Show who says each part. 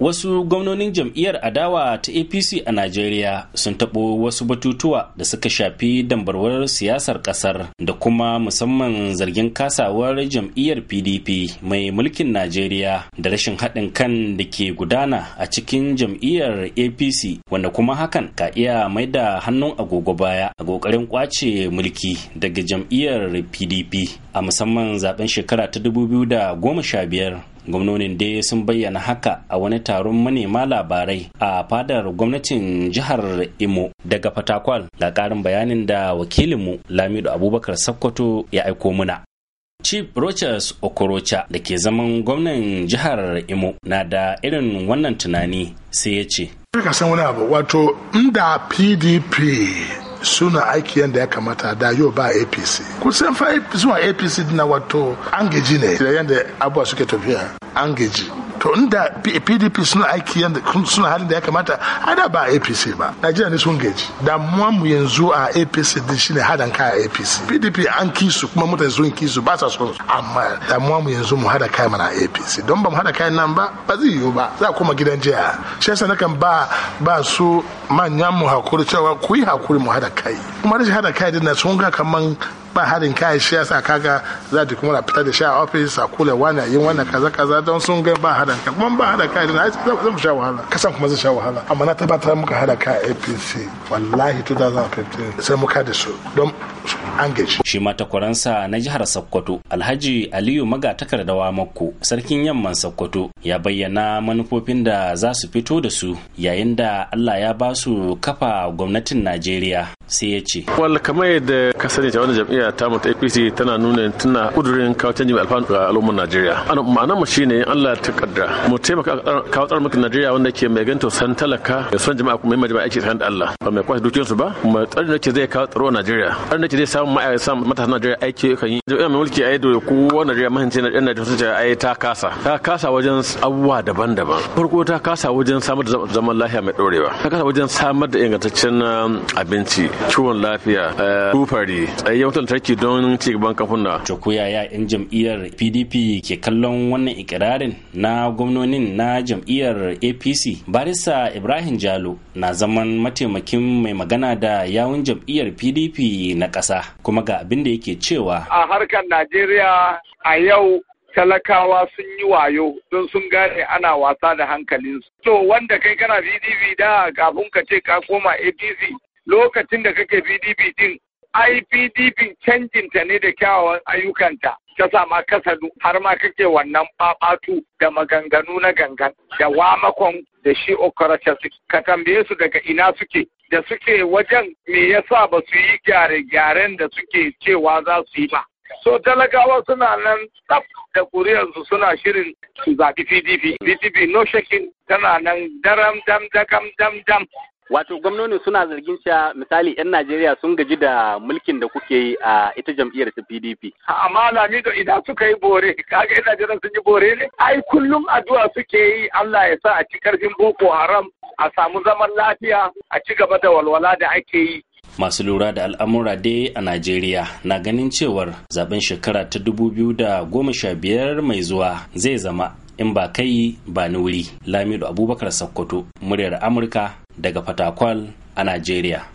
Speaker 1: wasu gwamnonin jam'iyyar adawa ta apc a najeriya sun taɓo wasu batutuwa da suka shafi dambarwar siyasar ƙasar da kuma musamman zargin kasawar jam'iyyar pdp mai mulkin najeriya da rashin haɗin kan da ke gudana a cikin jam'iyyar apc wanda kuma hakan ka iya mai da hannun agogo baya a ƙoƙarin ƙwace mulki daga jam'iyyar pdp a musamman zaben shekara ta 2015 gwamnonin dai sun bayyana haka a wani taron manema labarai a fadar gwamnatin jihar imo daga fatakwal ga bayanin da wakilinmu lamido abubakar sakkwato ya aiko muna chief rochas okorocha da ke zaman gwamnan jihar imo na da irin wannan tunani sai ya ce
Speaker 2: wani abu wato inda pdp suna aiki yadda ya kamata da yau ba apc kusan fa zuwa apc na wato an gaji ne da yadda abuwa suke tafiya an gaji to inda pdp suna aiki yadda suna halin da ya kamata a da ba apc ba najeriya ne sun gaji damuwa mu yanzu a apc din shine hadan kaya apc pdp an kisu kuma mutane sun kisu ba sa son amma damuwa mu yanzu mu hada kaya mana apc don ba mu hada kai nan ba ba zai yiwu ba za kuma gidan jiya shi yasa nakan ba ba su manyan mu hakuri cewa ku yi hakuri mu hada kai kuma rashin hada kai din na sun ga kaman ba harin kai shi yasa kaga za ta kuma fita da shi a ofis a kula wani yin wannan kaza kaza don sun ga ba harin kai kuma ba harin kai na zan mu sha wahala kasan kuma zan sha wahala amma na tabbatar muka hada kai APC wallahi 2015 sai muka da su
Speaker 1: don an gaji. Shi ma takwaransa na jihar Sokoto, Alhaji Aliyu da Wamakko, sarkin yamman Sokoto, ya bayyana manufofin da za su fito da su yayin da Allah ya ba su kafa gwamnatin Najeriya.
Speaker 3: Sai ya ce. Wal kamar yadda ka sani wani jam'iyya ta mu ta APC tana nuna tana kudurin kawo canji mai alfanu ga al'ummar Najeriya. Ana ma'ana mu shine Allah ta kaddara mu taimaka kawo tsarin mulkin Najeriya wanda ke mai ganto san talaka da san jama'a kuma mai jama'a aiki tsakanin da Allah ba mai kwashe dukiyarsu ba mu tsarin da ke zai kawo tsaro a Najeriya. Tsarin da ke samun eh, samu matasan Najeriya aiki kan yi jami'an mulki a yadda kowa Najeriya mahanci na Najeriya sun ce ai ta kasa ta kasa wajen abubuwa daban-daban farko ta kasa wajen samar da zaman lafiya mai dorewa ta kasa wajen samar da ingantaccen um, abinci ciwon lafiya tufari eh, tsayayyar lantarki don ci gaban na. Jokuya ya yan
Speaker 1: jam'iyyar PDP ke kallon wannan ikirarin na gwamnonin na jam'iyyar APC Barista Ibrahim Jalo na zaman mataimakin mai magana da yawun jam'iyyar PDP na ƙasa ƙasa kuma ga abin da yake cewa
Speaker 4: a harkar najeriya a yau talakawa sun yi wayo don sun gane ana wasa da hankalinsu to wanda kai kana BDB da kafin ka ce ka koma apc lokacin da kake BDB din ai canjinta ne da kyawawan ayyukanta ta sama kasadu har ma kake wannan babatu da maganganu na gangan da wamakon da shi suke? ka tambaye su daga ina suke da suke wajen me yasa ba su yi gyare-gyaren da suke cewa za su yi ba. So talakawa suna nan tsaf da kuriyarsu suna shirin su zaɓi PDP. PDP no shakin tana nan daram dam dam dam dam. Wato gwamnoni suna zargin cewa misali 'yan Najeriya sun gaji da mulkin da kuke yi a ita jam'iyyar ta PDP. Amma Lamido idan suka yi bore, kaga 'yan Najeriya sun yi bore ne? Ai kullum addu'a suke yi Allah ya sa a ci karfin Boko Haram a samu zaman lafiya a ci gaba da walwala da ake yi
Speaker 1: masu lura da al'amura dai a najeriya na ganin cewar zaben shekara ta 2015 mai zuwa zai zama in ba kai ba ni wuri lamido abubakar Sokoto, muryar amurka daga fatakwal a najeriya